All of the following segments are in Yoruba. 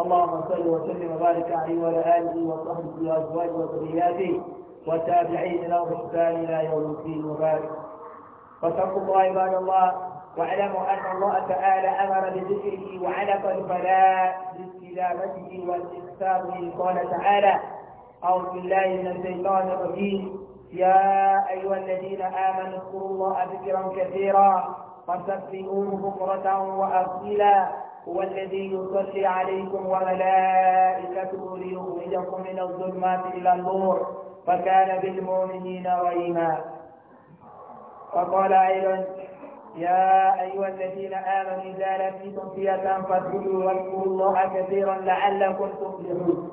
اللهم صل وسلم وبارك عليه وعلى اله وصحبه وازواجه وذرياته والتابعين له باحسان الى يوم الدين وبارك فاتقوا الله عباد الله واعلموا ان الله تعالى امر بذكره وعلق البلاء باستدامته واستكثاره قال تعالى اعوذ بالله من الشيطان الرجيم يا ايها الذين امنوا اذكروا الله ذكرا كثيرا وسبحوه بكره واصيلا هو الذي يصلي عليكم وملائكته ليخرجكم من الظلمات إلى النور فكان بالمؤمنين رحيما وقال أيضا يا أيها الذين آمنوا إذا لقيتم فئة فاذكروا واذكروا الله كثيرا لعلكم تفلحون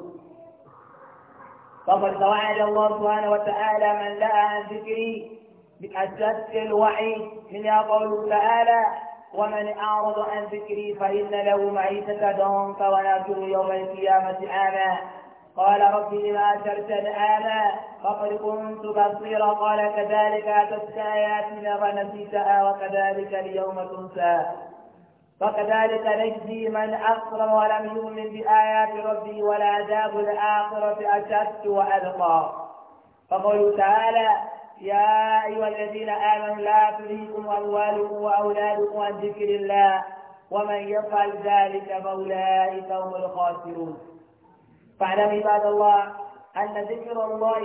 فقد توعد الله سبحانه وتعالى من لها عن ذكري بأشد الوعي من قوله تعالى ومن أعرض عن ذكري فإن له معيشة ضنكا ونحشره يوم القيامة أعمى قال رب لما أشرت أعمى فقد كنت بصيرا قال كذلك أتتك آياتنا فنسيتها وكذلك اليوم تنسى وكذلك نجزي من اصر ولم يؤمن بآيات ربي ولا داب الآخرة أشد وأبقى فقوله تعالى يا أيها الذين آمنوا لا تلهكم أموالكم وأولادكم عن ذكر الله ومن يفعل ذلك فأولئك هم الخاسرون فاعلم عباد الله أن ذكر الله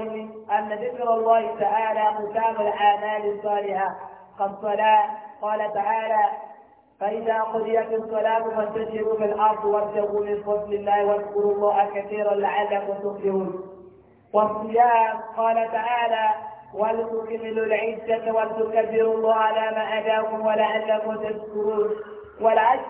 أن ذكر الله تعالى مكام الأعمال الصالحة كالصلاة قال تعالى فإذا قضيت الصلاة فانتشروا في الأرض وابتغوا من فضل الله واذكروا الله كثيرا لعلكم تفلحون والصيام قال تعالى ولتكملوا العزة ولتكبروا الله على ما أداكم ولعلكم تشكرون والعشر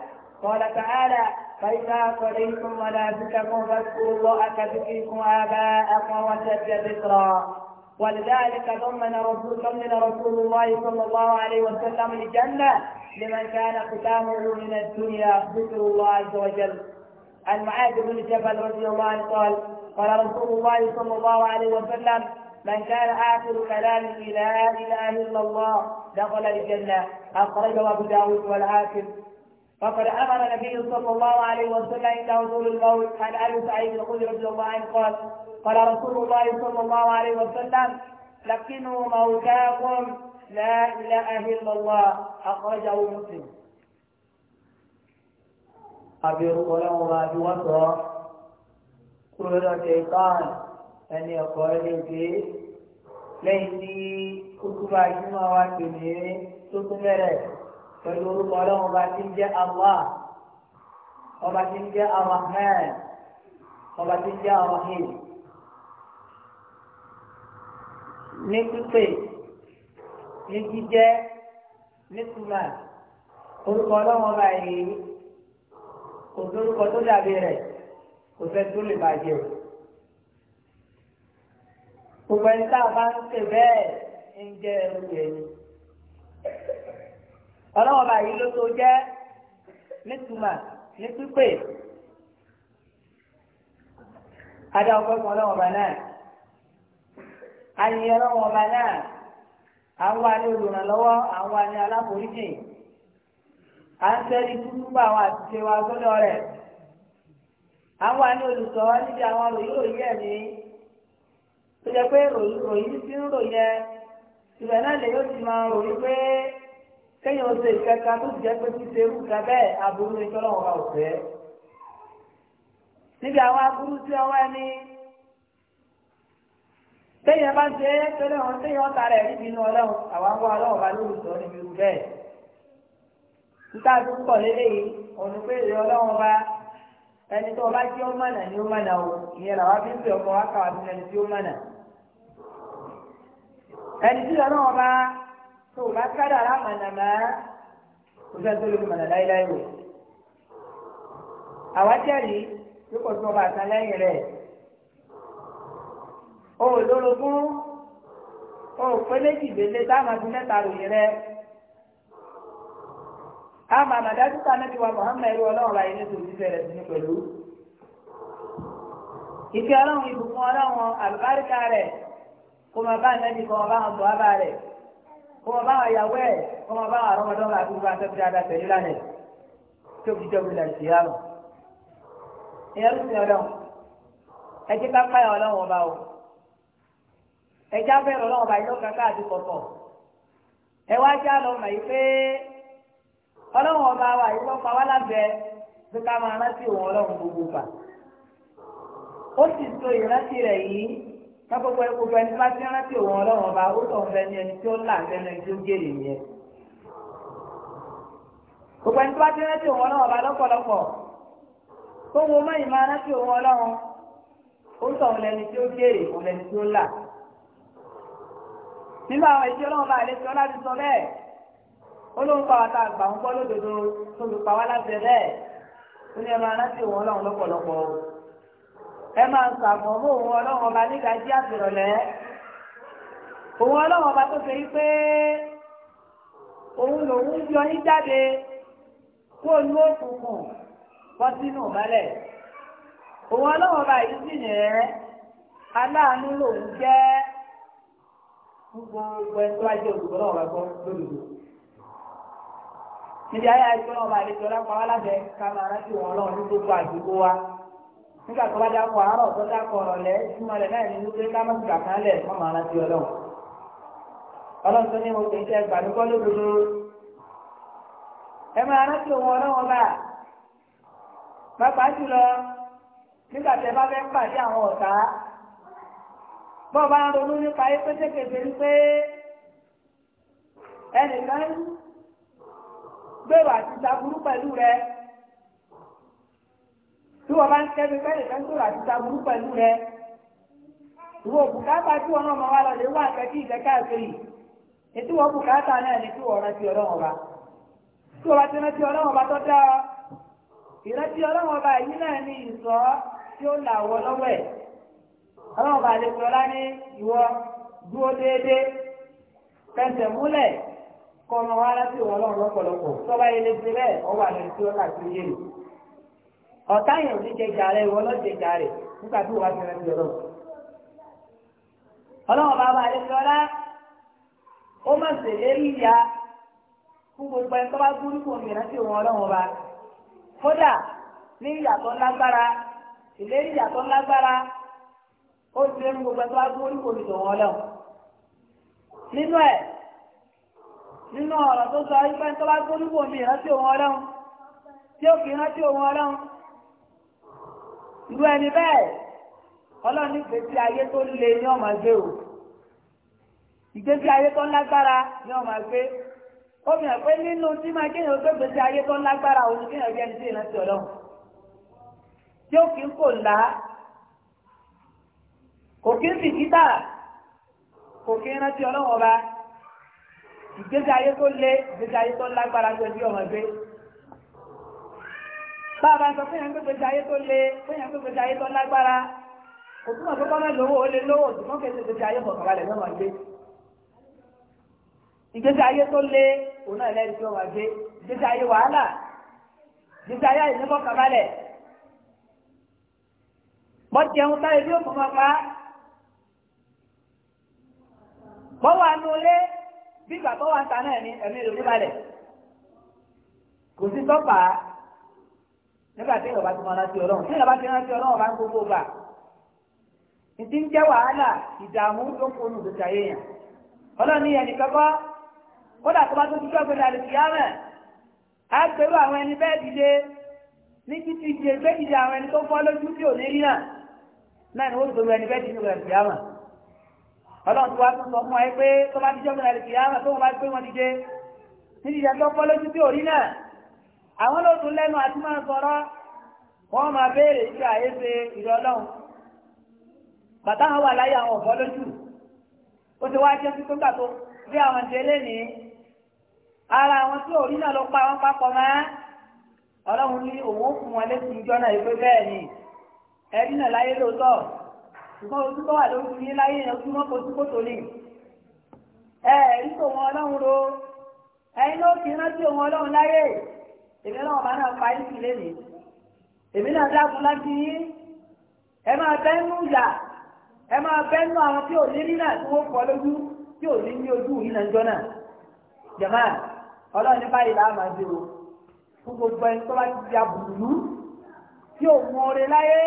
قال تعالى فإذا قضيتم مناسككم فاذكروا الله كذكركم آباءكم وشد ذكرا ولذلك ضمن رسول ضمن رسول الله صلى الله عليه وسلم الجنة لمن كان ختامه من الدنيا ذكر الله عز وجل عن معاذ بن جبل رضي الله عنه قال قال رسول الله صلى الله عليه وسلم من كان آخر كلامه لا إله إلا الله دخل الجنة أخرجه أبو داود والحاكم وقد أمر النبي صلى الله عليه وسلم عند وصول الموت عن أبي سعيد الخدري رضي الله عنه قال قال رسول الله صلى الله عليه وسلم لكنوا موتاكم لا إله إلا الله أخرجه مسلم أبي رضي الله وصى كل شيطان ẹni ọkọ ilé gbé lẹ́yìn tí kúkúrú àjùmọ̀ wa pè ní tuntun bẹ̀rẹ̀ pẹ̀lú orúkọ ọlọ́run ọba tí ń jẹ́ Allah ọba tí ń jẹ́ Ar-Rahman ọba tí ń jẹ́ Ar-Rahim ní pípé ní jíjẹ́ ní túmọ̀ orúkọ ọlọ́run ọba yìí kò sí tó dàbí rẹ̀ kò fẹ́ tó lè bàjẹ́ o. gbogbo ẹni tá a bá ń pè bẹ́ẹ̀ ń jẹ́ ẹrú ọlọ́wọ́ báyìí ló tó jẹ́ nítumà ní pípé adá ọlọ́wọ́ bá náà ayẹyẹ ọlọ́wọ́ bá náà àwọn àni olùrànlọ́wọ́ àwọn àni aláforíjì à ń sẹ́ni àwọn wa sọ́dọ̀ rẹ̀ àwọn àni olùsọ̀rọ̀ níbi àwọn olùyóòyè ẹ̀mí. tó e pé ròyìn tí ń ròyìn ẹ ìgbà náà lè yóò ti máa ròyìn pé kéèyàn ṣe ìkẹta tó jẹ́ pé ti ṣe irú ìka aburú ni tọ́lọ́ bá fẹ́. níbi àwọn aburú tí ọwọ́ ẹni téèyàn bá ṣe é tẹ́lẹ̀ wọn níbi inú ọlọ́run àwọn ọlọ́run bá sọ níbi irú bẹ́ẹ̀. pọ̀ pé èrè ẹni tí lọ́nà ọba tó bá kádà lámànàmá kò fẹ́ tó lórí mọ̀nà láéláé wò. àwa jẹ́rìí tí kò tó ọba àtàn lẹ́yìn rẹ̀ o ò lórogún o ò pé méjì gbélé táwọn ọdún mẹ́ta ròyìn rẹ̀ a máa mà dájú ká nẹ́bí wa Muhammad ọlọ́run ọba yìí ní tòun ti rẹ̀ sí ní pẹ̀lú. ìfẹ́ ọlọ́run ìbùkún ọlọ́run àlùbáríkà rẹ̀ kó máa bá nẹ́bí kó máa bá wọn bọ̀ ábà rẹ̀ kó máa bá wọn yàwó ẹ̀ kó máa bá wọn àrọ́mọdọ́mọ àti gbogbo àtẹ́bí dáadáa tẹ̀lé lánàá o fi jẹ́ òbí lẹ́yìn sí yàrá. ìyẹn ló ti ọlọ́run ẹ jẹ́ ká páyà ọlọ́run ọba o ẹ já bẹ̀rẹ̀ ọlọ́run ọba yóò kankan àti kọ̀kọ̀ ẹ wá já lọ mà yìí pé ọlọ́run ọba wa yìí wọ́n pa wá lábẹ́ pé ká máa rántí òun ọlọ́run gbogbo gbà ó sì so ìrántí rẹ̀ yìí lákòókò gbogbo ẹni bá ti rántí òun ọlọ́run ọba ó sọ fẹ́ ní ẹni tí ó là fẹ́ ní tó gèrè yẹn. gbogbo ẹni bá ti rántí òun ọlọ́run ọba lọ́pọ̀lọpọ̀ tó wo mẹ́yìn máa rántí òun ọlọ́run ó sọ lẹni tí ó gèrè òun lẹni tí ó là. nínú àwọn ìṣe ọlọ́run bá àlejò láti sọ bẹ́ẹ̀ ó ló pa wàtá àgbà ń gbọ́ lódodo tó fi pa wá láti bẹ́ẹ̀ ó ní ẹ ẹ máa ń sàmọ̀ mọ́ òun ọlọ́run ọba nígbà tí àfìrọ̀lẹ́ òun ọba tó ṣe pé òun lòun yọ ní jáde kó ní òkùnkùn bọ́ sínú ìmọ́lẹ̀ òun ọlọ́run ọba yìí sì yẹn aláàánú lòun jẹ́ gbogbo náà wà gbọ́ lódodo níbi ayé àìsàn ọba lábẹ́ ní gbogbo àdúgbò wa. nígbà tó bá dákọ̀ àárọ̀ tó dákọ̀ ọ̀rọ̀lẹ́ na rẹ̀ náà ní wípé ká má gbà kan lẹ̀ mọ́ màá rántí ọlọ́run ọlọ́run tó ní mo ẹ máa rántí òun ọlọ́run bá jùlọ nígbà tẹ bá fẹ́ pàdé àwọn ọ̀tá bọ́ọ̀ bá ń ronú nípa ayé pé ẹnìkan burú pẹ̀lú rẹ̀. tí wọ́n bá ń kẹ́mi bẹ́ẹ̀ fẹ́ sọ̀rọ̀ àti taburú pẹ̀lú rẹ ìwọ bùkátà tí wọn náà máa wá lọ lè wá àkẹ́kí ìdẹ́káàkiri ètí wọn bùkátà náà ní kí wọ́n rántí ọlọ́wọ́n bá tí wọ́n bá ti rántí ọlọ́wọ́n bá tó dá ọ ìrántí ọlọ́wọ́n bá yìí náà ní ìsọ́ tí ó là wọ lọ́wọ́ ẹ̀ ọlọ́wọ́n bá lè pè ọlá ní ìwọ dúró déédé fẹsẹ̀ múlẹ̀ kọ́ ọmọ wa rántí ọlọ́wọ́n lọ́pọ̀lọpọ̀ tọ́ba ilé ti bẹ́ẹ̀ ọ ọ̀tá yẹn ò ní jẹjà rẹ ìwọ lọ jẹjà rẹ nígbà tí wọ́n bá ti rántí ọlọ́run. ọlọ́run bá ọlá ó ìyá fún gbogbo ẹni tó bá òun ọlọ́run ọba. kódà ní ìyàtọ̀ lágbára ìlérí ìyàtọ̀ lágbára ó ti rẹ́nu gbogbo ẹni tó bá dúró kò òun nínú ẹ̀ nínú ọ̀rọ̀ tó sọ ẹni tó bá òun irú ẹni bẹ́ẹ̀ ọlọ́run ìgbésí ayé tó le ní ọmọ ẹgbẹ́ o ìgbésí ayé tó lágbára ní ọmọ ẹgbẹ́ ó fi hàn pé nínú tí máa kéèyàn gbé ìgbésí ayé tó lágbára òun kéèyàn jẹ́ ní sí ìrántí ọlọ́run tí ó kì í kò ńlá kò kí ń sì kíta kò kí ń rántí ọlọ́run ọba ìgbésí ayé tó le ìgbésí ayé tó lágbára tó ẹbí ọmọ ẹgbẹ́ bàbá sọ fún yàn gbégbèsè ayé tó le fún yàn gbégbèsè ayé tó lágbára kò túmọ̀ tó kọ́mọ̀ lówó ó lé lówó òtúmọ̀ kò gbégbèsè ayé bọ̀ kàbalẹ̀ lọ́wọ́ gbé ìgbésí ayé tó le òun náà lẹ́yìn tí wọ́n wá gbé ìgbésí ayé wàhálà ìgbésí ayé àìníbọ̀ kàbalẹ̀ bọ́jẹun táyé bí òkú máa pa bọ́wọ́ anú olé bí ìgbà bọ́wọ́ ata náà ní ẹ̀mí rẹ̀ oníbalẹ̀ kò sí tọ́pàá nígbà tí ìyọba ti máa rántí ọlọ́run tí ìyọba ti rántí ọlọ́run bá ń gbogbo gbà ìdí ń jẹ́ wàhálà ìdààmú ló ń kónú ìdòtí ayé yẹn ọlọ́run ní ẹnì kọ́kọ́ kódà tó bá tó dúdú ọgbẹ́dà lè fi yára á gbèrú àwọn ẹni bẹ́ẹ̀ dìde ní títí di ẹgbẹ́ dìde àwọn ẹni tó fọ́ lójú tí ò ní rí náà náà ni wọ́n gbèrú ẹni bẹ́ẹ̀ dìde ọgbẹ́dà lè fi yára ọlọ́run tó wá tó sọ fún ẹ pé tó bá dìde ọgbẹ́dà lè fi yára tó wọn bá gbé wọn dìde ní àwọn ló lẹ́nu àti máa sọ̀rọ̀ wọ́n máa béèrè iṣẹ́ àyèsè ìrọ̀lọ́hùn bàtà wà láyé àwọn ọ̀fọ́ lójú ó ti wá jẹ́ sí tó gbà bí àwọn ti eléni ara àwọn tí òrí náà ló pa wọn papọ̀ máa ọlọ́run ní òun ó fún wọn létí ìjọ náà ìpè bẹ́ẹ̀ ni ẹbí náà láyé lóòótọ́ ṣùgbọ́n ojú tó wà ní láyé yẹn ojú èmi náà ọba náà pa ìsìn lẹ́nìí èmi náà dákun láti yín ẹ máa bẹ́ nù yà ẹ máa bẹ́ nù àwọn tí ò ní nínà tí wọ́n fọ́ lójú tí ò ní ní ojú yìí náà jọ́nà jẹ̀mọ́ ọlọ́run ní báyìí là á máa dé o fún gbogbo ẹni tó bá ti di abùdùlú tí ò mú oore láyé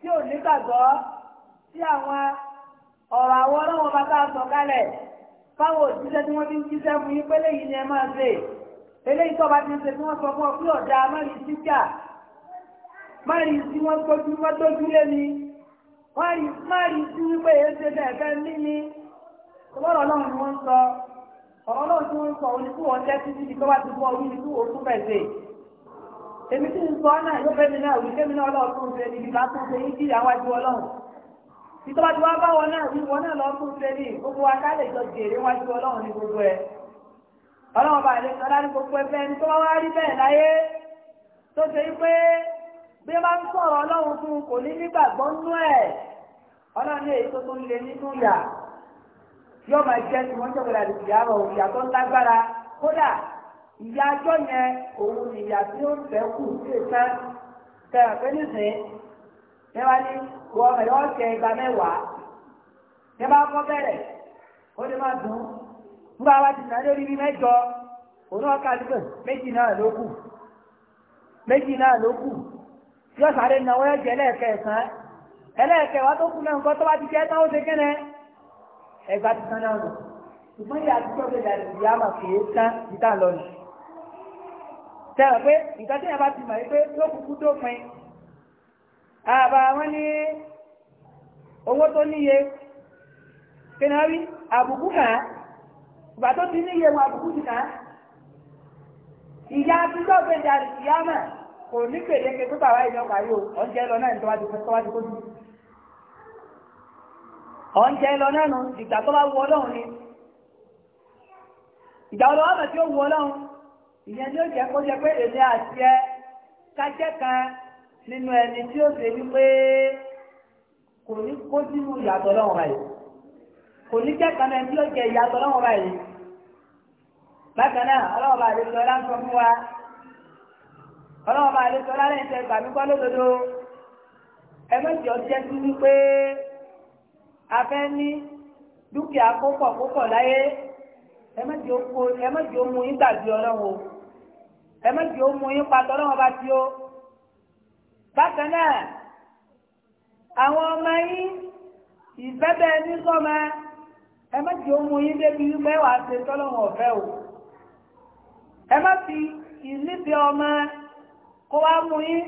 tí ò ní gbàgbọ́ tí àwọn ọ̀rọ̀ àwọn ọlọ́run bá ká sọ kálẹ̀ fáwọn òjíṣẹ́ tí wọ́n ti ń jíṣẹ́ fún yín pé léyìí ni ẹ máa ṣe eléyìí tó bá ti ń ṣe tí wọ́n sọ fún ọ pé ọ̀dà márùn síjà márùn tí wọ́n tójú wọ́n tójú lé ni márùn tí wípé èyí ṣe bẹ́ẹ̀ fẹ́ mí ni ọlọ́run ọlọ́run ni wọ́n ń sọ ọ̀rọ̀ náà tí wọ́n ń sọ òun ni kí wọ́n jẹ́ títí di tó bá ti bọ́ orí ni kí wọ́n tún bẹ̀ ṣe èmi tí ń sọ náà yóò fẹ́ mi náà òun kémi náà ọlọ́run tún ṣe níbi bá tún ṣe yín kí àwọn àjọ ọlọ́run ìtọ́jú wa bá wọn náà wíwọ náà lọ́ tún ṣe ní gbogbo wa ká lè jọ jèrè wájú ọlọ́run ní gbogbo ẹ̀ ọlọ́wọ́n bá lè sọ láti gbogbo ẹgbẹ́ ẹni tó bá wá rí bẹ́ẹ̀ láyé tó ṣe pé bí wọ́n bá ń sọ̀rọ̀ ọlọ́run fún un kò ní nígbàgbọ́ nú ẹ̀ ọlọ́run èyí tó tún lè nínú yà yóò máa jẹ́ tí wọ́n jọ̀gbọ́n àti ìyá rọ̀ ìyá tó lágbára kódà ìyá ajọ́ yẹn òun ni ìyá tí ó ń fẹ́ kù sí ìta tẹ̀rẹ̀ pé nísìn ní wá ní wọ́n ẹ̀yọ́ ọ̀sẹ̀ ìgbà mẹ́wàá ní nígbà wa ti nà lórí bí mẹ́jọ òun ọ̀ka àdúgbò méjì náà ló kù méjì náà ló kù yóò sáré náwó ẹ̀jẹ̀ ẹlẹ́ẹ̀kẹsàn ẹlẹ́ẹ̀kẹwà tó kù náà nǹkan tó bá ti jẹ́ náà ó ṣe kẹ́nẹ́ ẹgbà ti tán náà nù ṣùgbọ́n ìyá àtijọ́ bẹ̀rẹ̀ àti àmà kìí tán ìta lọ nù. sẹ́wọ̀n pé nǹkan tí yẹn bá ti mọ̀ yìí pé yóò kúkú tó pin àbá wọn ní owó tó níye kí ni àbùkù kàn án. ìgbà tó ti ní iye wọn àbùkù ti kàn ìyá àtijọ́ gbèjà ìyá náà kò ní pèdéke tó tàwa ìjọ parí o lọ náà ní ti tọ́wá ti kójú oúnjẹ lọ náà nù ìgbà tó bá ọlọ́run ni ìgbà ọlọ́wọ́ tí ó wu ọlọ́run ìyẹn ni ó jẹ́ kó pé àti ẹ kájẹ́ kan nínú ẹni tí kò ní jẹ́ kan ẹni tí ó jẹ ìyàtọ̀ lọ́wọ́ báyìí bákan náà ọlọ́wọ́ bá àlejò ọlá ń sọ fún wa ọlọ́wọ́ bá àlejò ọlá lẹ́yìn tẹ gbàmí kọ́ lódodo ẹ mẹ́sì ọjẹ́ sí wípé a fẹ́ ní dúkìá púpọ̀ púpọ̀ láyé ẹ mẹ́sì ó mú yín gbàgbé ọlọ́wọ́ ẹ ó mú yín patọ́ ọlọ́wọ́ bá ti ó bákan náà àwọn ọmọ yín ìfẹ́ bẹ́ẹ̀ ní sọ́mọ́ ẹ má ti ohun yín débi wípé wà á ṣe tọ́lọ́wọ̀n ọ̀fẹ́ o ẹ má fi ìlíbi ọmọ kó wá mú yín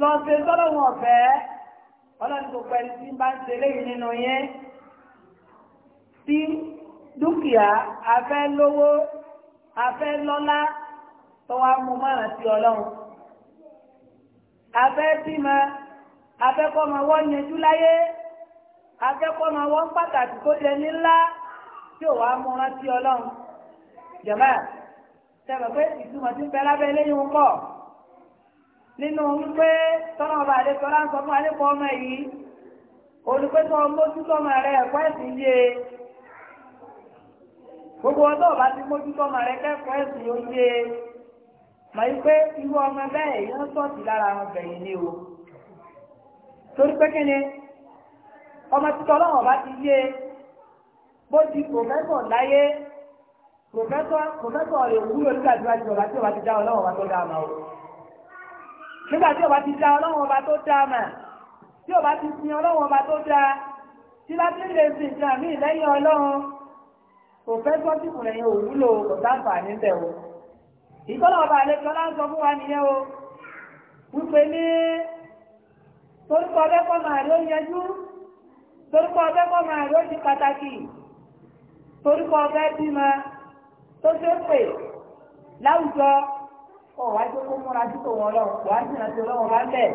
lọ ṣe tọ́lọ́wọ̀n ọ̀fẹ́ ọlọ́run kò pẹ̀lú tí bá ń ṣe léyìn nínú yẹn tí dúkìá afẹ́ lówó afẹ́ lọ́lá tó wá mú márùn sí ọlọ́run afẹ́ bímọ afẹ́ kọ́ ọmọ wọ́n yanjú láyé akẹ́kọ̀ọ́ máa wọ́n pàtàkì tó jẹ nílá tí ò wá mú rántí ọlọ́run jẹ̀mọ́ sẹ́wọ̀n pé ìtumọ̀ ti ń bẹ lábẹ́ eléyìí ń pọ̀ nínú wípé tọ́nà ọba àdékọ́ láǹsọ fún àdékọ́ ọmọ yìí olùpẹ́tọ́ mójútó ọmọ rẹ ẹ̀kọ́ ẹ̀sìn yé gbogbo ọjọ́ ọba ti mójútó ọmọ rẹ kẹ́kọ̀ọ́ ẹ̀sìn yóò yé mọ̀ wípé irú ọmọ bẹ́ẹ̀ yẹn sọ̀tì lára àwọn bẹ̀yìn ni o torí pé kí ni ọmọ títọ́ ọlọ́run ọba ti yé e. bó di pòfẹ́sọ̀ láyé pòfẹ́sọ̀ pòfẹ́sọ̀ rẹ̀ wúlò nígbà tí ọba tí ọba ti dá ọlọ́run ọba tó dá ọmọ o nígbà tí ọba ti dá ọlọ́run ọba tó dá ọmọ tí ọba ti sin ọlọ́run ọba tó dá tí bá ti lè sin ìjà míì lẹ́yìn ọlọ́run pòfẹ́sọ̀ tí kò lẹ́yìn òwúlò kò dáfà níbẹ̀ o ìtọ́lọ̀ ọba àlejò láǹsọ fún wa nìyẹn o wípé ní torúkọ ọbẹ̀ kọ́ màrí ó yẹjú torúkọ ọbẹ̀ kọ́ máa rẹ̀ ó di pàtàkì torúkọ ọbẹ̀ bímọ tó ṣe pè láwùjọ ọ̀wá tó kó múra sí tòun ọlọ́run kò wá sínú àti ọlọ́run bá ń bẹ̀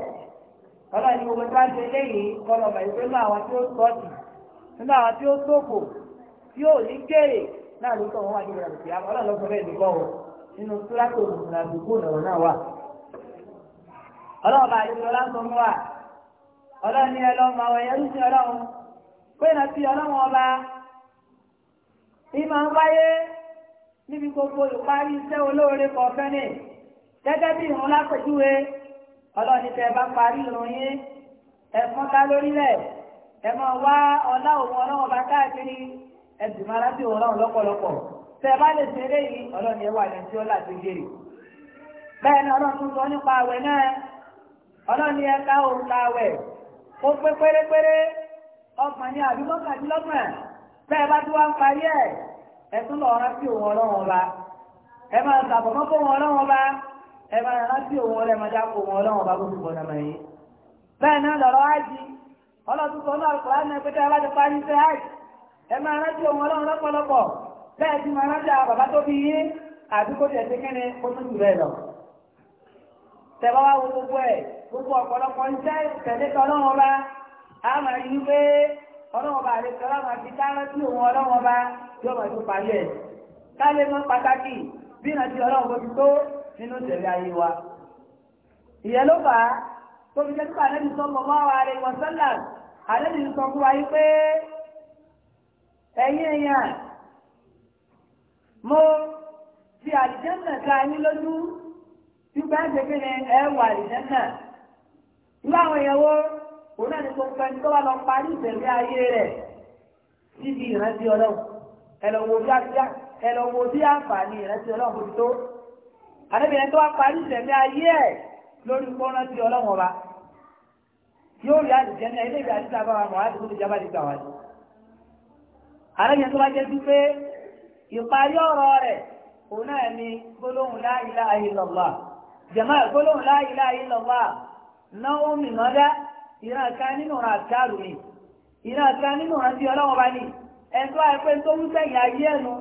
ọlọ́run ni gbogbo tó bá ṣe léyìí kọlọ̀ mọ̀ ìgbé pé ìrántí ọlọ́wọ́n ọba ìmọ̀ ń wáyé níbi gbogbo olùparí iṣẹ́ olóore kọ̀ọ̀fẹ́ nì gẹ́gẹ́ bí ìrún lápẹ̀júwe ọlọ́ọ̀ni tẹ́ bá parí ìrún yín ẹ̀fọn ká lórílẹ̀ mọ̀ wá òun ọba káàkiri ẹ̀sìn máa rántí òun ọlọ́run lọ́pọ̀lọpọ̀ tẹ́ bá lè ṣe eléyìí ọlọ́ọ̀ni jèrè bẹ́ẹ̀ ni ọlọ́run tún sọ nípa àwẹ̀ náà ọlọ́ọ̀ni òun àwẹ̀ ọkàn ní àdúgbò kàdínlọ́gbọ̀n tẹ́ ẹ bá tí wọ́n ń parí ẹ̀ ẹ tún lọ rántí òun ọlọ́run ọba ẹ máa sàbọ̀ mọ́ fún òun ọlọ́run ọba ẹ máa rántí òun ọlọ́run ọba dákò òun ọlọ́run ọba gbogbo ọ̀nà mọ̀ yìí. bẹ́ẹ̀ náà lọ́rọ̀ ájì ọlọ́tún sọ náà kọ́ láti ẹgbẹ́ tẹ́ ẹ bá ti parí iṣẹ́ ájì ẹ máa rántí òun ọlọ́run lọ́pọ̀lọpọ̀ bẹ́ẹ̀ ti máa rántí àwọn bàbá tó fi yín àdúgbò tẹ̀ sí kíni ó tún jù bẹ́ẹ̀ lọ. tẹ̀ a máa rí wípé ọlọ́wọ́n bá àlejò ọlọ́wọ́n ti dáná sí òun ọlọ́wọ́n bá yóò máa tó parí ẹ̀ ká lè mọ pàtàkì bí ìrántí ọlọ́wọ́n bó ti tó nínú ìṣẹ̀lẹ̀ ayé wa. ìyẹn ló fà á tó fi jẹ́ pípa àlejò sọ́mọ mọ́ àwọn àrẹ wọn sọ́là àlejò sọ fún wa yìí pé ẹ̀yin èèyàn mo fi àlìjẹ́nà ká yín lójú tí bá ń ṣe kí ni ẹ wà àlìjẹ́nà. irú àwọn èèyàn òun náà ni gbogbo ẹni tó bá lọ parí ìtẹ̀lé ayé rẹ̀ síbi ìrántí ọlọ́run ẹ̀lọ́wọ́ bí àǹfààní ìrántí ọlọ́run bó tó àdébìnrin tó bá parí ìtẹ̀lé ayé ẹ̀ lórí kọ́rántí ọlọ́run ọba yóò rí àdìjẹ́ ní ilé ìgbà títà bá wa mọ̀ láti kúrò jábàdì gbà wájú. àdébìnrin tó bá jẹ́ sí pé ìparí ọ̀rọ̀ rẹ̀ òun náà ni gbólóhùn la ilaha illallah jàmáà gbólóhùn la ilaha illallah náà ó mìíràn dá ìran kan nínú ọ̀ràn àtàrù ni ìran kan nínú ọ̀ràn tí ọlọ́wọ́ bá ní ẹ̀tọ́ àìpé tó ń sẹ́yìn ayé ẹ̀nu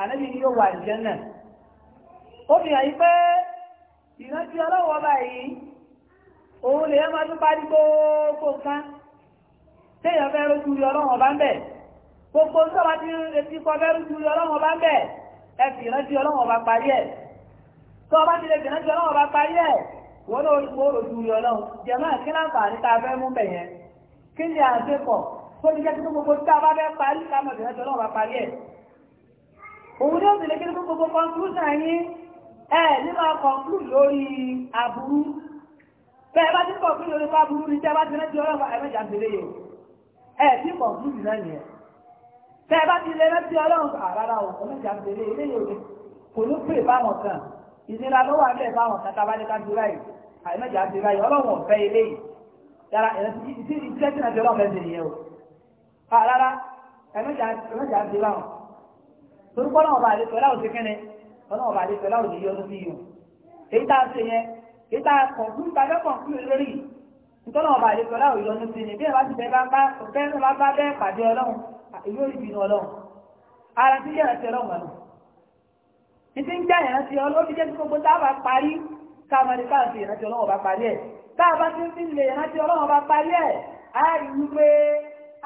ànábì ni yóò wà ìjẹ́ náà ó fi hàn yí pé ìran tí ọlọ́wọ́ bá yìí òun lè máa tún parí gbogbo nǹkan téèyàn fẹ́ rojú rí ọlọ́wọ́ bá ń bẹ̀ gbogbo sọ́wọ́ ti retí kọ́ fẹ́ rojú rí ọlọ́wọ́ bá ń bẹ̀ ẹ fi ìran tí ọlọ́wọ́ bá parí ẹ̀ tó bá ti lè fi ìran tí ọlọ́wọ́ bá parí ẹ̀ wọ́n ló rí gbòòrò ju rí ọlọ́run jẹ̀mọ́ ìkílá àǹfààní tá a fẹ́ mú bẹ̀ yẹn kí ni à ń ṣe pọ̀ tó ti jẹ́ kí gbogbo tá a bá fẹ́ parí kámọ̀ ìrìn àjọ náà wá parí ẹ̀. òun yóò sì lè kí ni gbogbo conclusion yín ẹ nínú akọ̀ǹkúlù lórí aburú tẹ́ ẹ bá ti kọ̀ǹkúlù lórí aburú ni tẹ́ ẹ bá ti rántí ọlọ́run ẹ̀mẹ́jà ń tẹ̀lé yẹn ẹ ti kọ̀ǹkúlù ìnira ló wà ń bẹ̀ fáwọn kàtà bá ní ká dúró yìí àìmọ̀jà dúró yìí ọlọ́wọ̀n ọ̀fẹ́ ilé yìí yàrá ìdí iṣẹ́ tí nàìjíríà ọ̀fẹ́ ti nìyẹn o rárá àìmọ̀jà dúró yìí torí pọ́nà ọba àlejò ẹ̀láwò ti kẹ́ni pọ́nà ọba àlejò ẹ̀láwò ti yọ lórí yìí o èyí tá a ṣe yẹn èyí tá a kàn fún ìgbà fẹ́ kàn fún mi lórí yìí nítorí ọba àlejò ẹ̀láwò yọ lórí yìí bí ẹ bá ti fẹ́ bá bá fẹ́ bá ìdí ń jẹ́ ìrántí ọlọ́run jẹ́ gbogbo tá a bá parí káàmọ́ ní káàsì ìrántí ọlọ́run bá parí ẹ̀ tá a bá ti ń fi lè ìrántí ọlọ́run bá parí ẹ̀ á rí i pé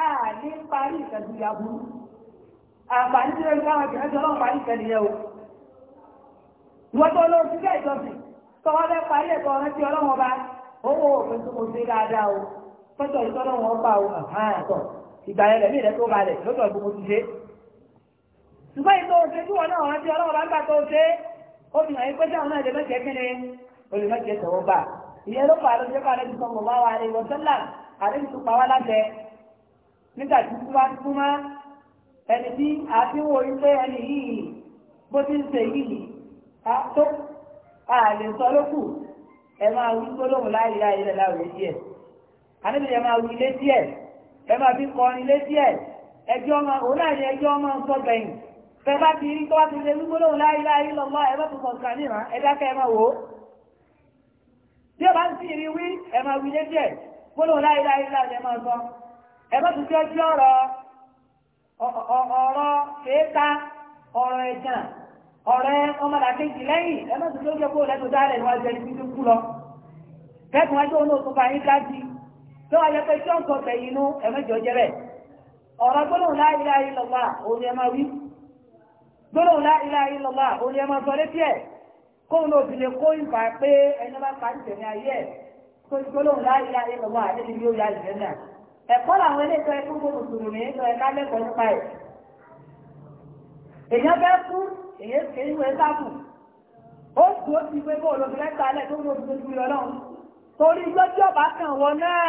a ní parí ìtẹ̀sí ìyàbú àǹfààní tí wọ́n káwọn ìrántí ọlọ́run parí ìtẹ̀lẹ̀ yẹ o wọ́n tó lọ sí ilé ìjọsìn tọ́wọ́ fẹ́ parí ẹ̀ tọ́ ìrántí ọlọ́run bá owó òfin tó kò sí dáadáa o fẹ́tọ̀ ìtọ́lọ́run ọ ṣùgbọ́n ìtò òṣè tí wọ́n náà rántí ọlọ́wọ́ bá gbà tó ṣe ó fi hàn pé sáwọn náà lè mẹ́jẹ kíni olùmẹ́jẹ tọ̀wọ́ bà ìyẹn ló pààrọ̀ ṣe pààrọ̀ ti sọ̀rọ̀ wá wa rẹ̀ wọ́n sọ́là àdéhùn tó pa wá láṣẹ nígbà tí wọ́n bá tún mọ́ ẹni tí a ti ń wo ilé ẹni yìí bó ti ń ṣe yìí tó a lè sọ lókù ẹ máa wí gbólóhùn láyé láyé rẹ̀ láwùjẹ díẹ̀ àníbìyẹ máa wí ilé díẹ̀ ẹ máa fi kọrin ilé díẹ̀ ẹjọ́ máa òun náà ni ẹjọ́ máa ń sọ gbẹ̀yìn tẹ́bá ti rí tọ́wá ti lè lúgbó lóhùn láyé láyé lọ́wọ́ ẹ̀bá tó sọ̀tún àní ìmá ẹ̀dá kẹ́ ẹ máa wò ó. bí ó bá ń sì rí wí ẹ máa wí lé díẹ̀ gbólóhùn láyé láyé láyé máa sọ. ẹ̀bá tó ti ọjọ́ ọ̀rọ̀ ọ̀rọ̀ kéèta ọ̀rọ̀ ẹ̀jàn ọ̀rẹ́ ọmọlàkejì lẹ́yìn ẹ̀bá tó lójú ọkọ̀ gbọ́dọ̀ la ilaha illallah òní ẹ máa sọ létí ẹ̀ kóun ló ti lè kó ìfà pé ẹni bá pa ìtẹ̀mí ayé ẹ̀ tó ti gbọ́dọ̀ la ilaha illallah àdébí yóò ya ìfẹ́ náà ẹ̀kọ́ làwọn eléyìí tó ẹ fún gbogbo mùsùlùmí lọ ẹ lálẹ́kọ̀ọ́ nípa ẹ̀ èèyàn fẹ́ kú èèyàn kì í wọ ẹ sáàpù ó kú ó ti pé bóòlù fi lẹ́ta alẹ́ tó ń lo tuntun jùlọ náà torí lọ́jọ́ bá kàn wọ náà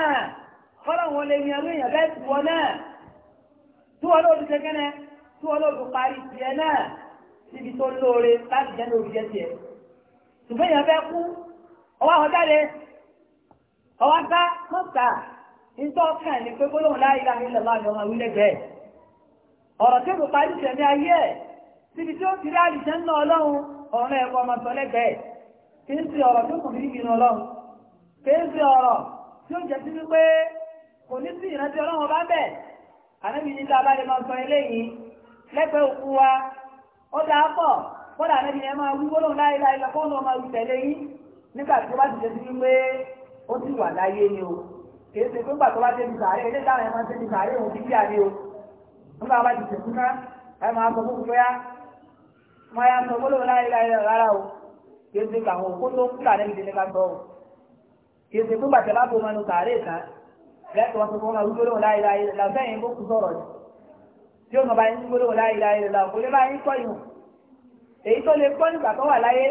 kọ́lọ̀ wọn lè yan lóyìn tí wọ́n lóògùn parí tiẹ̀ náà síbi tó lóore láti jẹ́ lórí jẹ́ tiẹ̀ ṣùgbọ́n èèyàn fẹ́ kú ọwọ́ àwọn jáde ọwọ́ bá mọ́ta nítọ́ kàn ní pé gbólóhùn láyé láyé lọ́wọ́ àwọn ọmọ wílẹ̀ bẹ́ẹ̀ ọ̀rọ̀ tí kò parí tiẹ̀ ní ayé ẹ̀ síbi tí ó ti rí àdìsẹ́ ńlá ọlọ́run ọ̀rọ̀ ẹ̀kọ́ ọmọ sọ lẹ́gbẹ̀ẹ́ kí ń fi ọ̀rọ̀ tó kù nínú ìrìn ọlọ́run kí ń fi ọ̀rọ̀ tí ó jẹ́ sí wípé kò ní sí ìrántí ọlọ́run ọba bẹ́ẹ̀ àná mi ní tá a bá lè máa sọ eléyìí lẹ́gbẹ̀ẹ́ òkú wa ó dáa pọ̀ kódà níbi yẹn máa wí gbólóhùn láéláé lọ ọmọ ìlú tẹ̀lé nígbà bá ti sí pé ó ti wà láyé ni o kìí ṣe pé o nígbà bá ti ẹ máa sọ fún máa ya sọ lọ rárá o kìí ṣe òkú tó ìdílé ká o kìí ṣe pé bá tí ó mọ̀ bá yín ní gbólóhùn láyé láyé lọ́la kò lè bá yín kọ́ ìhùn èyí tó lè kọ́ nígbà tó wà láyé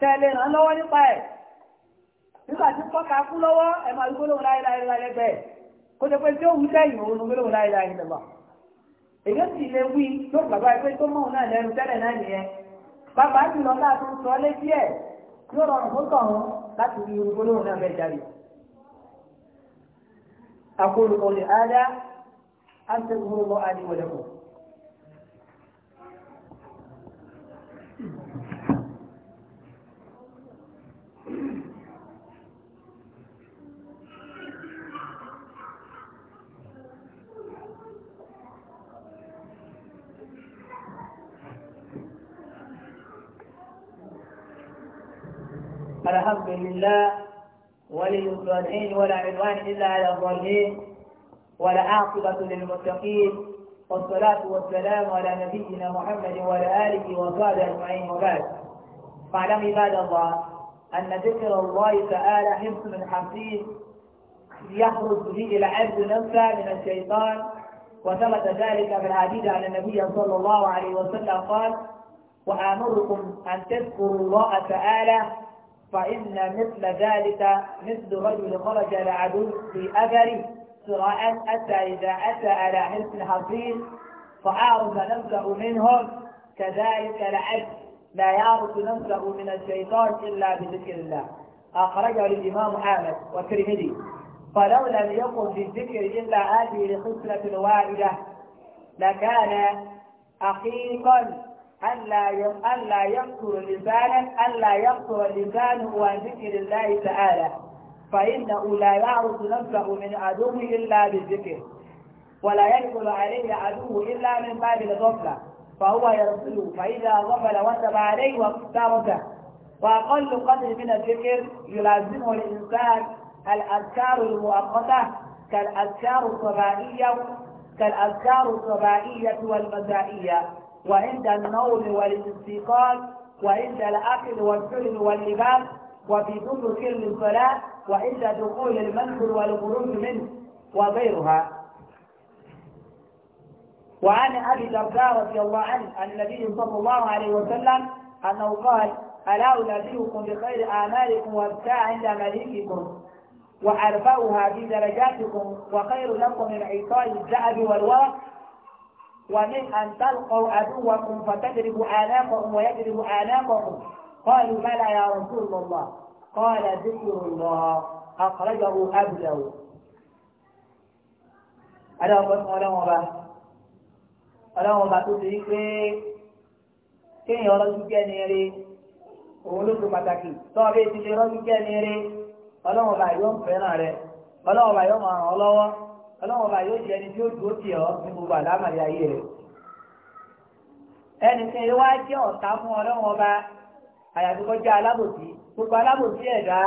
tẹ̀lé ràn lọ́wọ́ nípa ẹ̀ nígbà tí kọ́ka kú lọ́wọ́ ẹ̀ máa gbólóhùn láyé láyé lọ́la lẹ́gbẹ̀ẹ́ kó tó pé tí ó wú sẹ́yìn òun gbólóhùn láyé láyé lọ́la èyí ó sì lè wí tó bàbá ẹgbẹ́ tó mọ̀ náà lẹ́nu tẹ́lẹ̀ náà nìyẹn bàbá ti lọ láti ń sọ lé díẹ̀ yóò rọrùn fún tọ̀hún láti rí gbólóhùn náà bẹ́ẹ̀ jáde. أن تظهر الله لي ولكم الحمد لله ولي الصالحين ولا عدوان إلا على الظالمين والعاقبة للمتقين والصلاة والسلام على نبينا محمد وعلى آله وصحبه أجمعين وبعد فاعلم عباد الله أن ذكر الله تعالى حفظ حفظه يخرج به العبد نفسه من الشيطان وثبت ذلك في الحديث عن النبي صلى الله عليه وسلم قال وآمركم أن تذكروا الله تعالى فإن مثل ذلك مثل رجل خرج العدو في أثره قراءة أتى إذا أتى على حسن حصيل فأعرف نفسه منهم كذلك العبد لا يعرف نفسه من الشيطان إلا بذكر الله أخرجه الإمام أحمد والترمذي فلو لم يكن في الذكر إلا هذه الخصلة واحدة لكان حقيقا ألا ألا يقتل لسانا ألا يقتل لسانه عن ذكر الله تعالى فإنه لا يعرف نفسه من عدو إلا بالذكر ولا يدخل عليه عدو إلا من باب الغفلة فهو يرسل فإذا غفل وتب عليه واختارته وأقل قدر من الذكر يلازمه الإنسان الأذكار المؤقتة كالأذكار الصبائية كالأذكار الصبائية والمسائية وعند النوم والاستيقاظ وعند الأكل والشرب واللباس وفي كل الصلاة وعند دخول المنزل والخروج منه وغيرها وعن ابي الدرداء رضي الله عنه عن النبي صلى الله عليه وسلم انه قال الا انبئكم بخير اعمالكم وابتاع عند مليككم وارفعها في درجاتكم وخير لكم من عطاء الذهب والورق ومن ان تلقوا عدوكم فتضربوا اعناقهم ويضربوا اعناقهم قالوا بلى يا رسول الله قال ذكر الله أخرجه أبلغ ألا ألا أبا ألا أبا تدريك كن يرى الجنيري ولد متاكي صابي تجرى الجنيري ألا أبا يوم فنار ألا أبا يوم الله ألا أبا يوم جاني من jẹ́ ọ̀tá fún ọlọ́run ọba alábòsí gbogbo alábòsí ẹ̀dá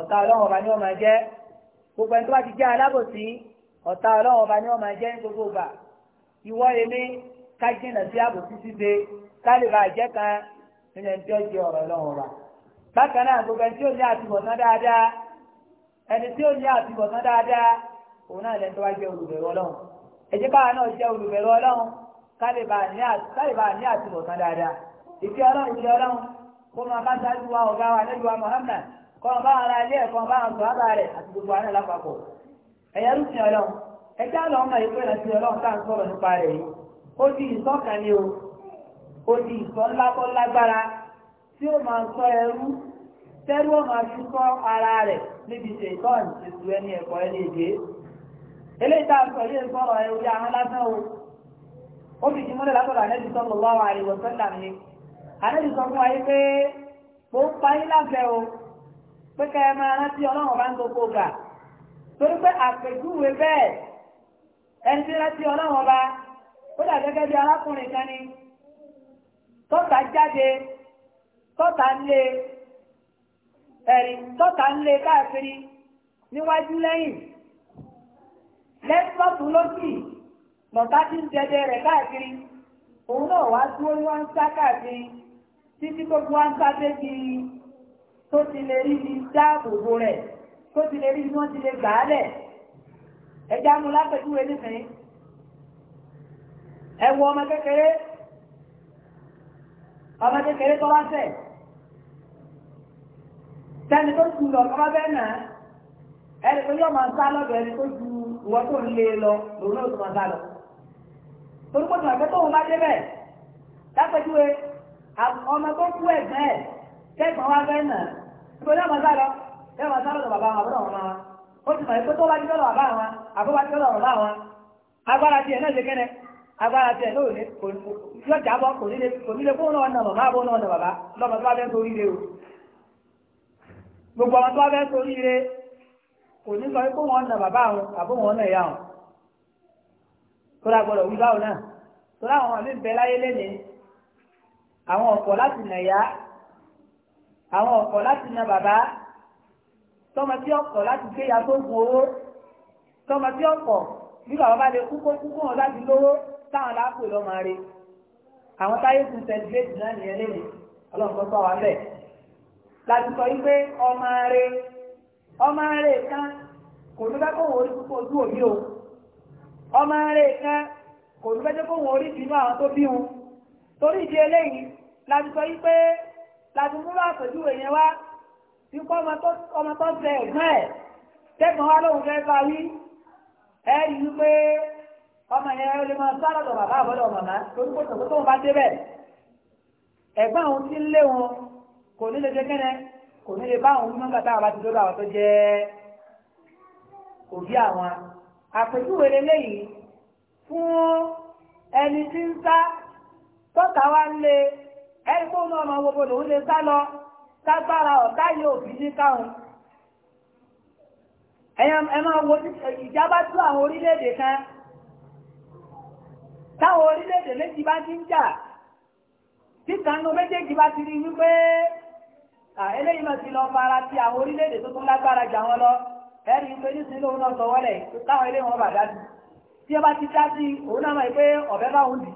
ọ̀tá ọlọ́run ọba ni wọ́n máa jẹ́ gbogbo ẹni tó bá ti jẹ́ alábòsí ọba ni wọ́n máa jẹ́ ní gbogbo ìwọ èmi sí àbòsí kan nínú ẹni tí jẹ ọ̀rọ̀ ọlọ́run ọba. bákan náà gbogbo ẹni tí ó ní àtibọ̀tán dáadáa ẹni tí ó ní àtibọ̀tán dáadáa òun náà lẹni tó bá jẹ́ olùbẹ̀rù ọlọ́run náà kó máa bá ṣáájú wa ọ̀gá wa nílùú wa Muhammad bá wọn ilé ẹ̀kọ́ bá wọn sọ ábà rẹ̀ àti gbogbo wa lápapọ̀ ẹ̀yẹ ló sìn ọlọ́run ẹjẹ́ àlọ́ ọmọ yìí ọlọ́run tá à ń sọ̀rọ̀ nípa rẹ̀ yìí ó di ìsọ́ kan ni o ó di ìsọ́ lágbára tí ó máa ń sọ ẹrú tẹ́rú ara rẹ̀ níbi àdébì sọ fún wa yí pé mo ń pa yín láfẹ́ o pé ká ẹ máa rántí ọlọ́run bá ń gbogbo gbà torí pé àpèjúwe bẹ́ẹ̀ ẹni tí rántí ọlọ́run ọba ó dà gẹ́gẹ́ bí arákùnrin kan ni tọ́ta jáde tọ́ta ń lé ẹ̀rí tọ́ta ń lé káàkiri níwájú lẹ́yìn lẹ́tọ́tù lọ́sì lọ́tà tí ń dẹdẹ rẹ̀ káàkiri òun náà wá dúró ní wọ́n ń sá káàkiri títí gbogbo wa ń sáfẹ́ kí tó ti lè rí ní dáàbòbò rẹ̀ tó ti lè rí ní wọ́n ti lè gbà á lẹ̀ ẹja mú lápẹ̀júwe nífẹ̀ẹ́ ẹwọ ọmọ kékeré ọmọ kékeré tó bá fẹ̀ tẹni tó kú lọ kọ́ bẹ́ẹ̀ náà ẹni tó yọ máa ń sá lọ́dọ̀ ẹni tó ju ìwọ́n tó ń lé e lọ lòun náà tó máa sá lọ. torí pé tó ń bá débẹ̀ lápẹ̀júwe ọmọ tó kú ẹ̀gbẹ́ ẹ̀ kẹ́gbọ́n wá fẹ́ nà ìgbò ní ọmọ sáré ẹ máa sáré lọ bàbá wọn àbúrò wọn máa ó ti mọ̀ pé tó bá jẹ́ lọ bàbá wọn àbúrò jẹ́ lọ bàbá wọn agbára tiẹ̀ náà ṣe kẹ́nẹ́ agbára tiẹ̀ náà lè yọjà bọ́ kò nílé kò nílé fún náà nà bàbá àbó náà nà bàbá lọ́mọ tó bá fẹ́ sórí ire o gbogbo ọmọ tó bá fẹ́ sórí ire kò ní sọ pé wọn nà bàbá wọn àbó wọn nà ìyá wọn tó lágbọ́dọ̀ wí báwọn náà tó láwọn ọmọ mi láyé lẹ́nìí àwọn ọ̀pọ̀ láti nà ya àwọn ọ̀pọ̀ láti nà bàbá tọmọ tí ọ̀pọ̀ láti gbé ya tó gun owó tọmọ tí ọ̀pọ̀ bí bàbá bá lè kú kó kú kóhàn láti lówó táwọn lápò lọ́mọ rẹ̀ àwọn táyé tún sẹ́díléèdì náà nìyẹn lẹ́yìn ọlọ́run tó bá wa bẹ̀ láti sọ wípé ọmọ rẹ̀ ọmọ rẹ̀ kan kò ní bá kó wọ́n orí púpọ̀ ojú òbí o ọmọ rẹ̀ kan kò ní bá jẹ́ kó wọ́n orí bínú àwọn tó bí wọn torí ìdí eléyìí láti sọ wípé láti múlò àpèjúwe yẹn wá tí kọ́ ọmọ tó ṣe ẹ̀gbọ́n ẹ̀ tẹ́gbọ̀n wá lóhun fẹ́ bá wí ẹ rí i pé ọmọ yẹn ó lè máa sáré lọ bàbá àbọ̀dọ̀ màmá lórí kó sọ̀tọ̀ tó ń bá débẹ̀ ẹ̀gbọ́n òun ti ń lé wọn kò ní lè jẹ́ kẹ́nẹ́ kò ní lè bá àwọn onímọ̀ nígbà táwọn bá ti dọ́dọ̀ àwọn tó jẹ́ òbí àwọn àpèjúwe lélẹ́yìí fún ẹni tí ń sá tọ́ta wá lé ẹ̀rí pé òun náà máa wọ́pọ̀ lòun lè sá lọ ságbára ọ̀tá yóò fi ní káwọn ẹ máa wo ìjábá tú àwọn orílẹ̀-èdè kan táwọn orílẹ̀-èdè méjì bá ti ń jà títànú méjèèjì bá ti rí wípé eléyìí náà ti lọ fara ti àwọn orílẹ̀-èdè tó tún lágbára jà wọn lọ ẹ̀rí pé nísìnyí lòun náà sọ̀wọ́lẹ̀ táwọn eléyìí wọn bà dá sí tí ẹ bá ti dá sí òun náà mọ̀ pé ọ̀bẹ bá òun dì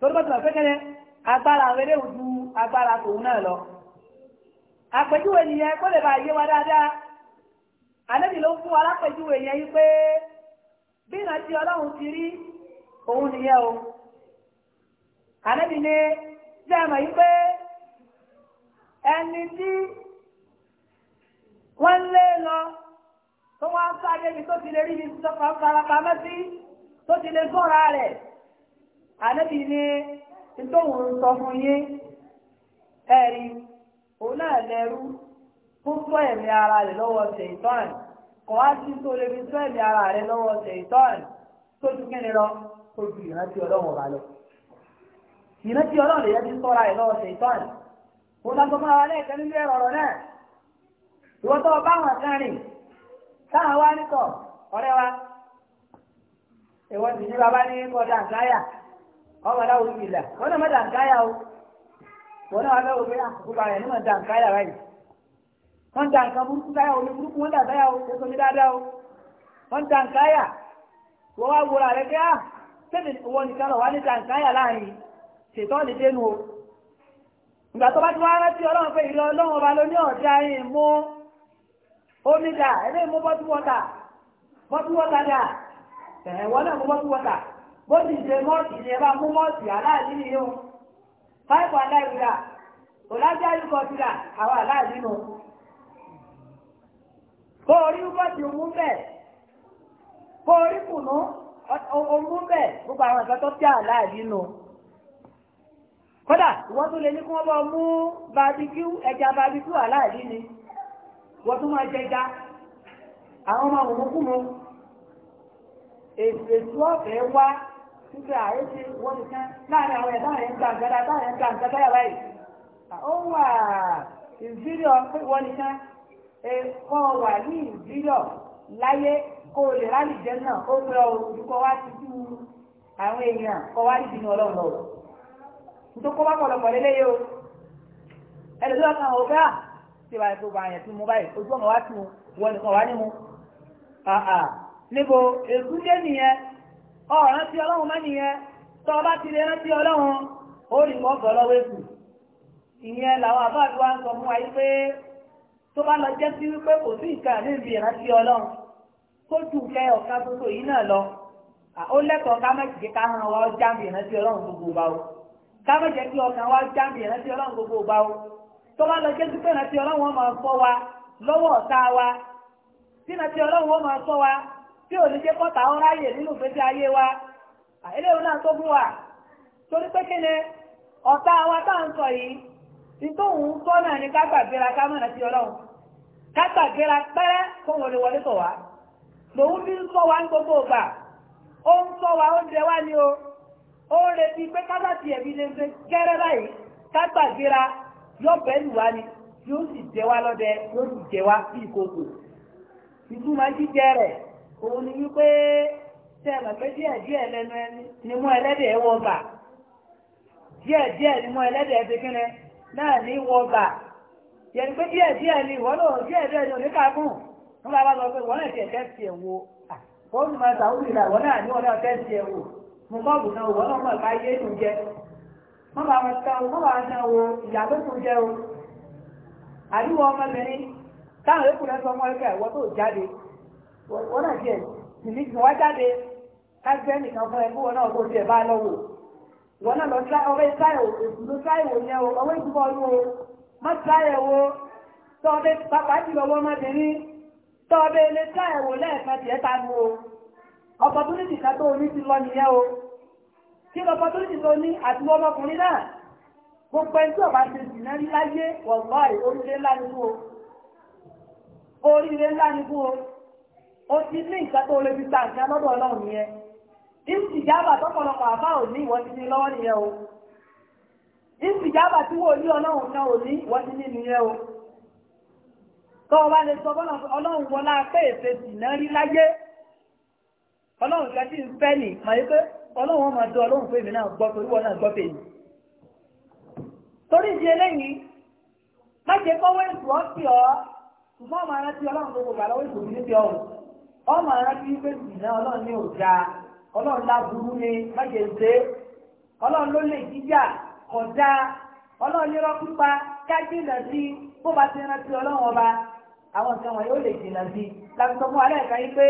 torí bó ti mọ̀ agbára àwọn eléwù ju agbára tòun náà lọ àpèjúwe nìyẹn kó lè bá yé wa dáadáa àlébi ló fún wa lápèjúwe yẹn yí pé bí ìrántí ọlọ́run ti rí òun nìyẹn o àlébi ni jẹ́ àmọ̀ yí pé ẹni tí wọ́n lé lọ tó wá sáré ibi tó ti lè rí ibi tó farapamọ́ sí tó ti lè gbọ́ra rẹ̀ àlébi ni nítòhùn ń sọ fún yín ẹ̀rí òun náà lẹ́rú fún fún ẹ̀mí ara rẹ̀ lọ́wọ́ ṣèitán kọ́ á sí tó lè fi fún ẹ̀mí ara rẹ̀ lọ́wọ́ ṣèitán tó ju kí ni lọ tó ju ìrántí ọlọ́run ọba lọ. ìrántí ọlọ́run lè yẹ kí sọ́ra rẹ̀ lọ́wọ́ ṣèitán òun náà tó máa wà lẹ́ẹ̀kẹ́ nínú ẹ̀rọ ọ̀rọ̀ náà ìwọ́n tó bá wọn kan táwọn wá nítọ̀ ọ̀rẹ́ wa ìwọ́n ti ní bàbá ní kọjá àgbáyà ọmọ aláwọ̀ ti là wọn náà má dà ń káyà o wọn náà wà lọ́wọ́ pé àkókò àyàn ní mà dà ń káyà báyìí wọ́n dà nǹkan burúkú káyà omi burúkú wọ́n dà káyà o kò sọmi dáadáa o wọ́n dà ń káyà wọ́n wá wúra rẹ̀ pé ah sẹ́mi wọn nìkan lọ wá ní dà ń káyà láàrin ṣètò ní dénú o ìgbà tó bá ti wá rántí ọlọ́run pé ìrọ̀ ọlọ́run ọba ló ní ọ̀dà yìí mú omi dà ẹ̀rẹ́ mú bọ́tú wọ́tà bọ́tú wọ́tà dà ẹ̀wọ́n náà mú bọ́tú wọ́tà bó ti ṣe mọ́ọ̀tì ni ẹ bá mú mọ́ọ̀tì aláàlú yìí o fáìpù aláìlú rà òlájà yúkọ ti rà àwọn aláàlú nù. kó orí yúkọ ti mú bẹ́ẹ̀ kó orí kùnú omú bẹ́ẹ̀ gbogbo àwọn ìfẹ́ tó tẹ́ aláàlú nù. kódà ìwọ́n tún lè ní kí wọ́n bá mú barbecue ẹja barbecue aláàlú ni wọ́n tún máa jẹja àwọn ọmọ òmùkùnmù èsì èsì ọ̀fẹ́ wá nígbà ààrẹ ti wọ́n nìkan láàrin àwọn ẹ̀dá rẹ̀ ń gbà nǹkan dáadáa rẹ̀ ń gbà nǹkan dáadáa báyìí. ó wà ìfídíọ̀ wọ́n nìkan kọ́ wà ní ìfídíọ̀ láyé kó o lè rálì jẹ́ náà ó pẹ́ olùkọ́ wá ti tú àwọn èèyàn kọ́ wá ní ìbínú ọlọ́run lọ. nítorí kó bá pọ̀lọpọ̀ lélẹ́yẹ o ẹlòmíràn kan ọ̀gá tí wàá tó bàyàn ah, tí mo báyìí ojú ọmọ wa tún wọn nìkan wá ní mu. níbo ègúndé nìyẹn ọ̀rán ọlọ́run mẹ́ nìyẹn tọ́ bá ti lè rántí ọlọ́run ó rí ìyẹn làwọn àbáàdì wa ń sọ mú wa pé tó bá lọ jẹ́ sí wípé kò sí nǹkan níbi ìrántí ọlọ́run kẹ ọ̀ka tuntun yìí náà lọ ó lẹ́kọ̀ọ́ ká má jẹ́ ká hàn wá já ìrántí ọlọ́run gbogbo bá o ká má jẹ́ kí ọkàn wá já ìrántí ọlọ́run gbogbo lọ jẹ́ sí pé ìrántí ọlọ́run wọn máa fọ́ wa lọ́wọ́ ọ̀tá wa tí ìrántí ọlọ́run wọn máa fọ́ wa tí ò ní jẹ́ ọ ráyè nínú ìgbésí ayé wa àìlèwò náà tó fún wa torí pé kí ni ọ̀tá wa tá à ń sọ yìí ní tóun ń kọ́ náà ní kágbàgbéra kámọ̀nà sí ọlọ́run wọlé tọ̀ sọ wa ń gbogbo ògbà ó ń sọ o ó ń retí pé kábàtì lè ṣe gẹ́rẹ́ báyìí kágbàgbéra yóò bẹ́ẹ̀ lù wá ni yóò sì wá òun ni wípé tẹ́ ẹ̀ pé díẹ̀ lẹ́nu ẹni ni mú ẹlẹ́dẹ̀ẹ́ wọ bà díẹ̀ ni mú ẹlẹ́dẹ̀ẹ́ ti kíni náà ní wọ bà yẹn pé díẹ̀ ni ni oníkàkùn wọn bá wá sọ pé wọn náà ti ẹ̀kẹ́ tiẹ̀ wo wọn sì máa sàwùjì là náà ní náà wo mo bá bù náà náà mọ̀ bá wọn o wọ́n náà tiẹ̀ tìlíkì wá jáde kájẹ́ nìkan fún ẹ kí wọ́n náà kó tiẹ̀ bá lọ wò wọ́n náà lọ tíra ọwọ́ ìtráyẹ̀wò èsùnú tíráyẹ̀wò yẹn o ọwọ́ ìdúbọ̀ ọdún o má tíráyẹ̀wò tọ́ọ̀bẹ́ pàpà jùlọ wọ́n mọ́bìnrin tọ́ọ̀bẹ́ ilé tíráyẹ̀wò lẹ́ẹ̀kan tiẹ̀ ta nu o opportunity kan ti lọ o kí ni opportunity tó ní àti ọmọkùnrin náà gbogbo ẹni tí ọba ti dìnnà rí láyé wọ̀gbọ́n oríire ńlá ni o oríire o si ní nǹkan tó lè fi ta ọlọ́run yẹn ìsìjábà tọ́pọ̀lọpọ̀ àbá ò ní ìwọ́n ti ní o tí ní ọlọ́run náà ò ní ìwọ́n ti ní nìyẹn o tó o bá lè sọ bọ́lá ọlọ́run wọlá pé èsè sì náà rí láyé ọlọ́run kan ń fẹ́ nì màá pé ọlọ́run ọmọ ọlọ́run pé èmi náà gbọ́ torí wọn náà gbọ́ ọ ṣùgbọ́n ọmọ ọlọ́run gbà lọ́wọ́ ọmọ aráàlú yìí fèsì náà ọlọ́run ní òjà ọlọ́run láburú ni májè ọlọ́run ló lè jíjà kọjá ọlọ́run lérọ́ pípa kájínà sí bó bá ti rántí ọlọ́run ọba àwọn nǹkan wọ̀nyí ó lè jìnà sí láti fún alẹ́ ala yìí pé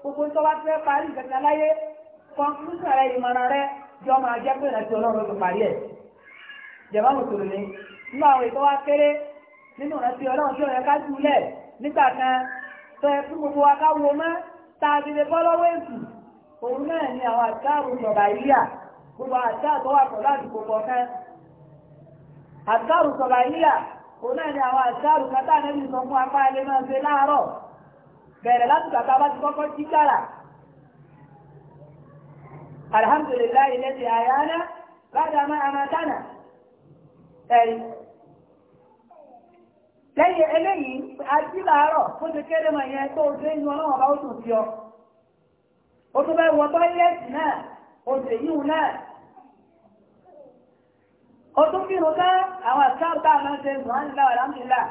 gbogbo tó bá fẹ́ parí rẹ ìmọ̀ràn rẹ pé ìrántí ọlọ́run parí ẹ̀ jẹ̀bá nínú àwọn kéré nínú ìrántí ọlọ́run tí yẹ ká nígbà kan gbogbo akáwo mọ́ tààdìdè bọ́lọ́wọ́ èsì òun náà ni àwọn àtàrù sọ̀rọ̀ àyíyà gbogbo àtàrù tó wà pọ̀ láti gbogbo ọ̀kan àtàrù sọ̀rọ̀ àyíyà òun náà ni àwọn àtàrù kátà nẹ́bí sọ fún apá ilé náà ṣe láàárọ̀ bẹ̀rẹ̀ láti kàtà bá ti kọ́kọ́ jí kára alhamdulilayi lẹ́sìn àyáná bá dàmú àmàtánà ẹ̀rí lẹ́yìn eléyìí ají làárọ̀ kó ti kéré ma yẹn tó ṣe inú ọlọ́wọ́ bá ó tún fi ọ. o tó bẹ́ẹ̀ wọ tọ́ílẹ̀tì náà ó náà. o tún kírun ká àwọn àtàbà máa ń ṣe mọ̀ánilá alhamdulillah.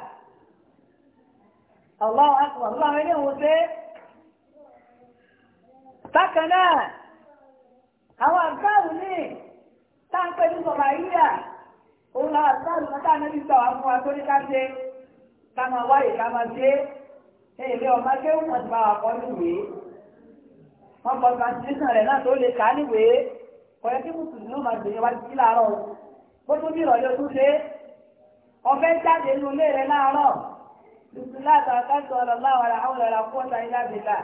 Allahu akbar ló àwọn eléyìí ṣe. bákan náà àwọn àgbáwò ní táǹpẹ́ ní sọ̀rọ̀ àyíyà òun làwọn àgbáwò náà sọ̀rọ̀ àwọn ká máa wáyé ká máa ṣe é ilé ọmọ akéwù wọn ti bá wa kọ́ níwèé wọn kọ transition rẹ̀ náà tó lè kà á níwèé kọ̀yẹ́ kí mùsùlùmí ló máa gbèyàn wá sí láàárọ̀ bó tún bí ìrọ̀lẹ́ oṣù ṣe ọ̀fẹ́ jáde nínú ilé rẹ̀ láàárọ̀ bísílá àtàkàtà ọ̀lọ́lá wàrà àwọn ọ̀lọ́lá kọ́ta ilá bìlà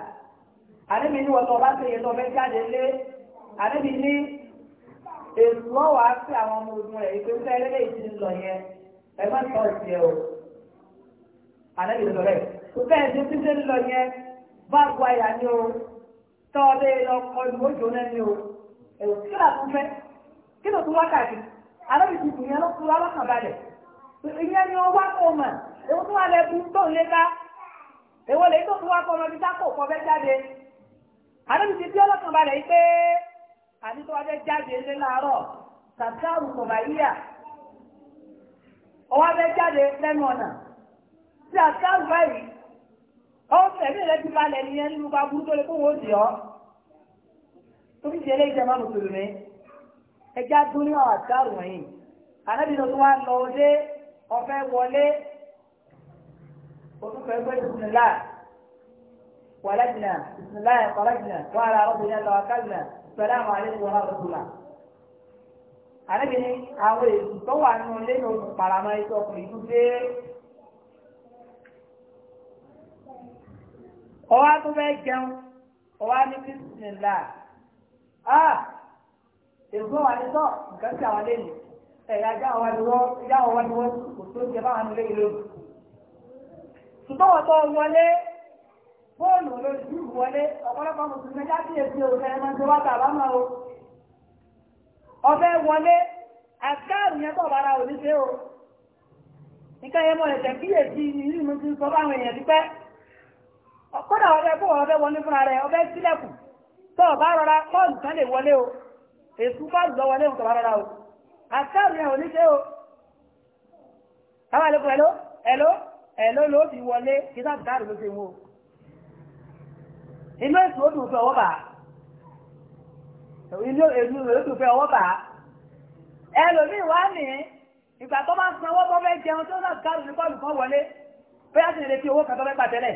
àdébí ní wọ́n tó bá ṣe yẹn tó fẹ́ jáde lé àdébí ní èso wàá sí àwọn ọmọ ogun rẹ̀ ìpínlẹ̀ lẹ́yìn tí ń lọ yẹn ẹgbẹ́ tó ọ̀sẹ̀ o. àlẹ́bí lọ rẹ̀ kò bẹ́ẹ̀ ṣe ndị ń lọ yẹn bá ni o tọ́ ọ lọ kọ ìlú o ẹ̀rù kí ló tún fẹ́ kí ló tún wákàtí àlẹ́bí ti dùn yẹn ló kú lọ́kàn balẹ̀ ìyẹn ni wọ́n wá kó mà èwo tún wà tó ń lé ká èwo lè tó tún wá fẹ́ jáde ti bí ọlọ́kàn balẹ̀ yìí pé jáde tí a ká gbà yìí ọwọ́ tẹ̀mí rẹ ti balẹ̀ nìyẹn nínú bá burú tó lè kó wọ́n dì ọ́ tó fi ṣe eléyìí jẹmọ́ mùsùlùmí ẹjá dún ní ọ̀rọ̀ àtàrù wọ̀nyí ànábì tó wá lọ dé ọ̀fẹ́ wọlé òtúfẹ́ pé bisimilá wàlẹ́jìnà bisimilá kọ́lẹ́jìnà wọ́n ara ọ̀rọ̀ bìnrin lọ kálínà pẹ̀lú àwọn alẹ́ wọn lọ́dọ̀ tó la. ànábì ní àwọn èsì tó wà nínú lẹ́nu paramọ́ ẹ̀ṣọ́ ọkùnrin ọwá tó fẹ́ jẹun ọwá ní bísímìlá a èso wà ní sọ nǹkan tí àwọn lè ẹ̀yà ajá kò tó jẹ báwọn ilé ìlú. ṣùgbọ́n wọlé fóònù wọlé ọ̀pọ̀lọpọ̀ mùsùlùmí ẹja sí èsì ẹ̀rọ wá tàbá máa o. ọ̀fẹ́ wọlé àkáàrù yẹn bára òní ṣe o. nǹkan yẹn mọ̀ ẹ̀jẹ̀ kíyèsí ìlú mi sọ fáwọn èèyàn kódà ọbẹ̀ bó ọbẹ̀ wọlé fúnra rẹ̀ ọbẹ̀ sílẹ̀kùn tó ọba rọra kọ́ọ̀lù kan lè wọlé o èsù kọ́ọ̀lù lọ wọlé nǹkan rárá o àkáàrù yẹn ò ní ṣe o káwá lókun ẹ̀ló ẹ̀ló ẹ̀ló ló fi wọlé kí sáà káàrù ló ṣe wọ inú èsù ó dùn fẹ́ ọwọ́ bàá inú èlú rẹ̀ ó dùn fẹ́ ọwọ́ bàá ẹlòmíì wá ní ìgbà tó máa sanwó bọ́ fẹ́ jẹun tó sáà káàrù ní kọ́ọ̀lù kan wọlé bóyá sì lè fi owó kan tó fẹ́ pàtẹ́lẹ̀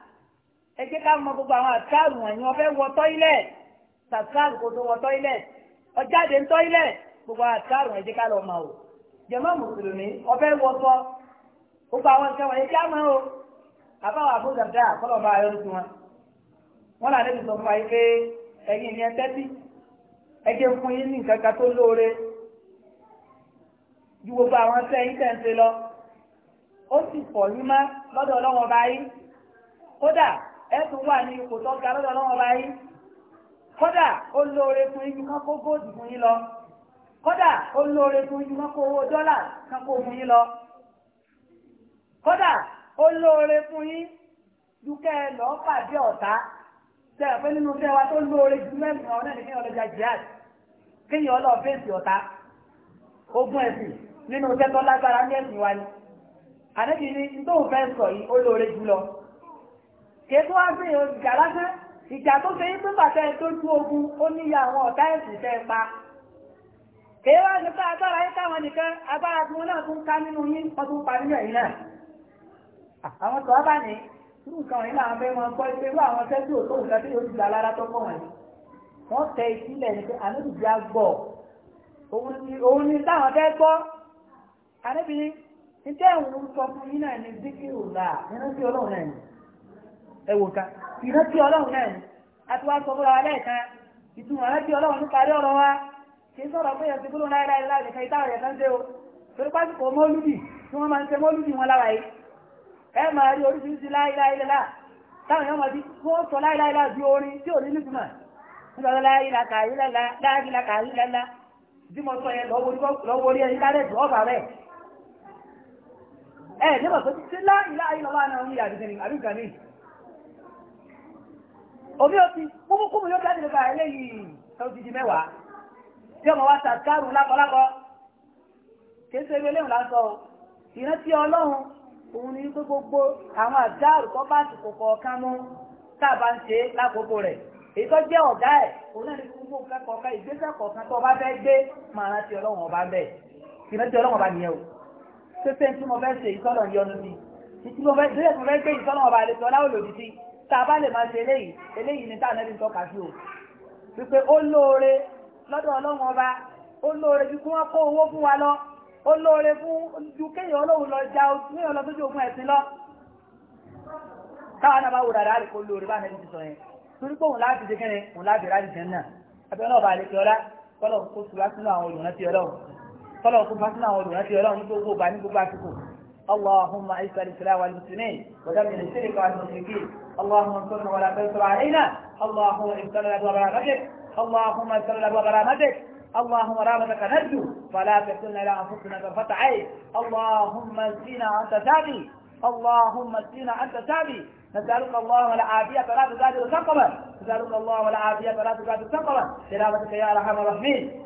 ẹ jẹ́ ká mọ gbogbo àwọn àtàrù wọ̀nyí wọ́n fẹ́ wọ tọ́ílẹ̀ tàtàrù kò tó wọ tọ́ílẹ̀ ọjáde ń tọ́ílẹ̀ gbogbo àtàrù ẹ jẹ́ ká lọ mọ̀ o jàmá mùsùlùmí wọ́n fẹ́ wọ sọ gbogbo àwọn nǹkan wọ̀nyí kí á mọ̀ o àbáwọ̀ àbúdàdà kọ́lọ̀ bá ayọ́ tuntun wọn. wọ́n là lẹ́nu sọ fún wa yìí pé ẹ̀yin ìyẹn tẹ́tí ẹ fún yín ní nǹkan kan tó lóore ju gbogbo àwọn sẹ́yìn tẹ̀ ń lọ ó sì pọ̀ yín má lọ́dọ̀ ọlọ́wọ́n bá kódà ẹ tún wà ní ipò tó ga lọ́dọ̀ lọ́wọ́ báyìí kódà ó lóore fún yín kan kó góòdù fún yín lọ kódà ó lóore fún yín kan kó owó dọ́là kan kó fún yín lọ kódà ó lóore fún yín dúkẹ́ lọ pàdé ọ̀tá tẹ ẹ pé nínú tẹ wa tó lóore jù mẹ́rin ọ̀rọ̀ náà ní kéèyàn lọ́jà jihad kéèyàn lọ fèsì ọ̀tá ogun ẹ̀sìn nínú tẹ́tọ́ lágbára ní ẹ̀sìn wa ni àdébìnrin tó fẹ́ sọ yìí ó lóore jù lọ kéèkó wá gbé yàn ìjà lásán ìjà tó fẹ́ yín pípa tẹ́ tó dú ogun ó níyà àwọn ọ̀tá ẹ̀sìn tẹ́ pa kéè wá nípa agbára yín káwọn nìkan agbára tí wọn náà tún ká nínú yín wọn tún pa nínú ẹ̀yìn náà àwọn tó wá bá ní irú nǹkan yìí làwọn fẹ́ máa gbọ́ pé àwọn tẹ́sí òtó nǹkan tí yóò gbà lára tó kọ̀ wọ̀nyí wọ́n tẹ ìsílẹ̀ ní pé ànábìbí á gbọ́ òun ni táwọn fẹ́ gbọ́ ànábìbí ní tẹ́ sọ fún yín náà ní díkì òlà nínú sí ọlọ́run náà ẹwọ nǹkan ìrántí ọlọ́run náà ni a ti wá sọ fúnra wa lẹ́ẹ̀kan ìtumọ̀ ìrántí ọlọ́run ní parí ọ̀rọ̀ wa kì í sọ̀rọ̀ pé yẹn ti kúrò láyé láyé láyé nìkan ìtàwọn yẹn kan ṣe o torí pásítọ̀ mọ́lúdì tí wọ́n máa ń ṣe mọ́lúdì wọn lára yìí ẹ máa rí oríṣiríṣi láyé láyé lẹ́la táwọn èèyàn máa ti kó sọ láyé láyé láyé bí orin tí ò ní nítumọ̀ nígbà láyé láka yìí lẹ́la láyé láka yìí lẹ́la bí mo sọ yẹn lọ́wọ́ orí ẹni lálẹ́ tó ọ̀bà omi ó ti kúmukúmu yóò jáde nípa eléyìí tó ti mẹ́wàá tí ọmọ wa sàkárù lákọlákọ kéésì ebi eléyìí lásọ o ìrántí ọlọ́run òun ni pé gbogbo àwọn àdáàrù tó bá ti kòkò ọ̀kan mú tá a bá ń ṣe lákòókò rẹ̀ èyí tó jẹ́ ọ̀gá ẹ̀ òun náà ní gbogbo nǹkan kọ̀ọ̀kan ìgbésẹ̀ kọ̀ọ̀kan tó bá fẹ́ gbé máa rántí ọlọ́run ọba bẹ́ẹ̀ ìrántí ọlọ́run ọba nìyẹn o pépé tí mo fẹ́ ṣe ìtọ́lọ̀ yọnu sí ìtí mo fẹ́ gbé ìtọ́lọ̀ ọba àlejò ọlá tá a bá lè máa ṣe eléyìí eléyìí ni táà nẹ́bí ń tọ́ka sí o wípé ó lóore lọ́dọ̀ ọlọ́run ọba ó lóore ju kí wọ́n kó owó fún wa lọ ó lóore fún ju kéèyàn ọlọ́run lọ ja kéèyàn lọ sójú ogun ẹ̀sìn lọ táwọn náà bá wò dáadáa rè kó lóore bá nẹ́bí ti sọ yẹn torí pé òun láti ṣe kẹ́rin òun láti ráàlì jẹ́ náà abẹ́ náà bá fi ọlá kọ́lọ̀ kó sùn sínú àwọn olùrántí ọlọ́run kọ́lọ̀ kó اللهم اعز الاسلام والمسلمين ودمر الشرك والمشركين اللهم انصرنا ولا تنصر علينا اللهم اغفر لنا وبرامتك اللهم اغفر لنا وبرامتك اللهم رامك نرجو فلا تكلنا الى انفسنا طرفه عين اللهم اسقنا انت سامي اللهم اسقنا انت سامي نسألك الله العافية فلا تزال سقما نسألك الله العافية فلا تزال سقما سلامتك يا أرحم الراحمين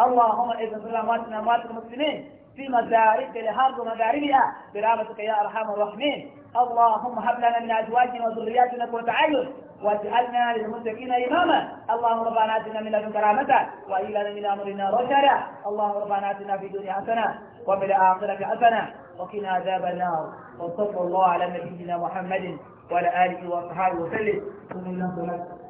اللهم اذن امواتنا أموات المسلمين في مدارك الهرب ومغاربها برامتك يا أرحم الراحمين اللهم هب لنا من أزواجنا وذرياتنا قرة عين واجعلنا للمتقين إماما اللهم ربنا آتنا من لدنك رحمة وإلى من أمرنا رشدا اللهم ربنا آتنا في الدنيا حسنة وفي الآخرة حسنة وقنا عذاب النار وصلى الله على نبينا محمد وعلى آله وصحبه وسلم